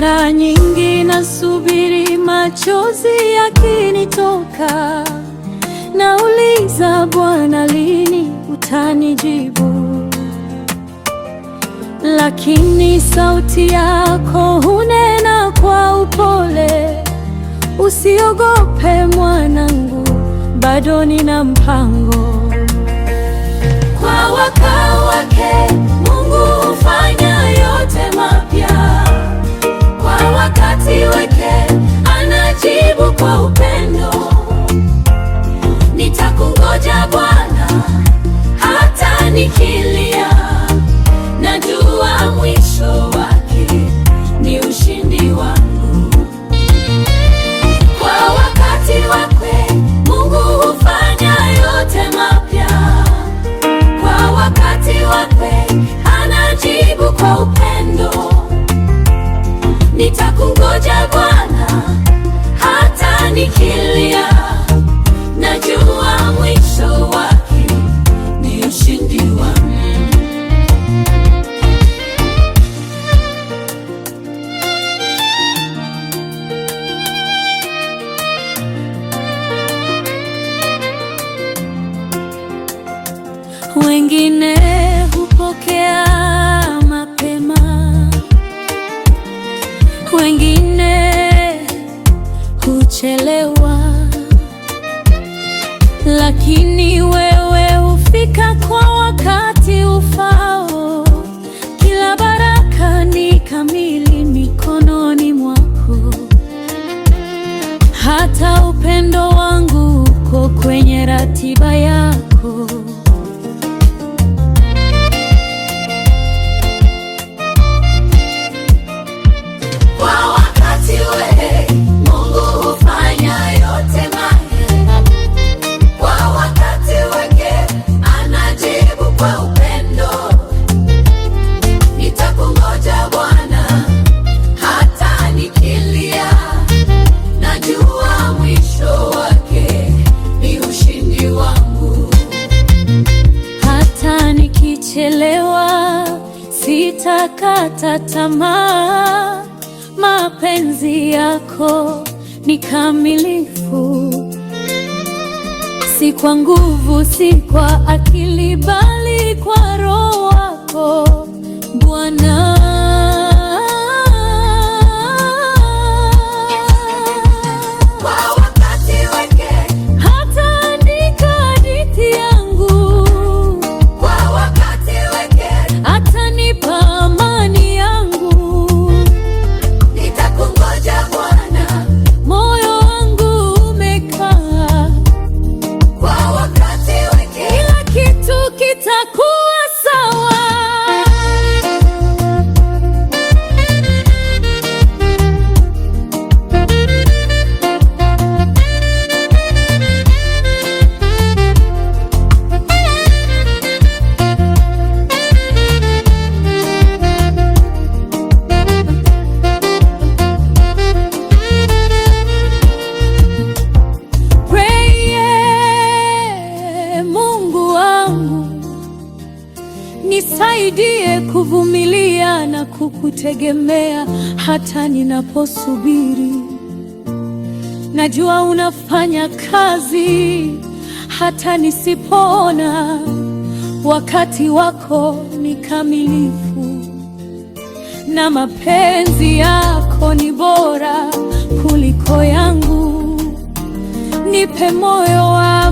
Mara nyingi nasubiri machozi yakinitoka, nauliza Bwana, lini utanijibu? Lakini sauti yako hunena kwa upole, usiogope mwanangu, bado nina mpango kwa wakao wake. kushikilia, najua mwisho wake ni ushindi wangu. Kwa wakati wake Mungu hufanya yote mapya, kwa wakati wake anajibu kwa upendo. Nitakungoja Bwana hata nikilia wengine hupokea mapema, wengine huchelewa, lakini wewe hufika chelewa sitakata tamaa, mapenzi yako ni kamilifu, si kwa nguvu, si kwa akili bali nisaidie kuvumilia na kukutegemea hata ninaposubiri. Najua unafanya kazi hata nisipoona, wakati wako ni kamilifu na mapenzi yako ni bora kuliko yangu. Nipe moyo wa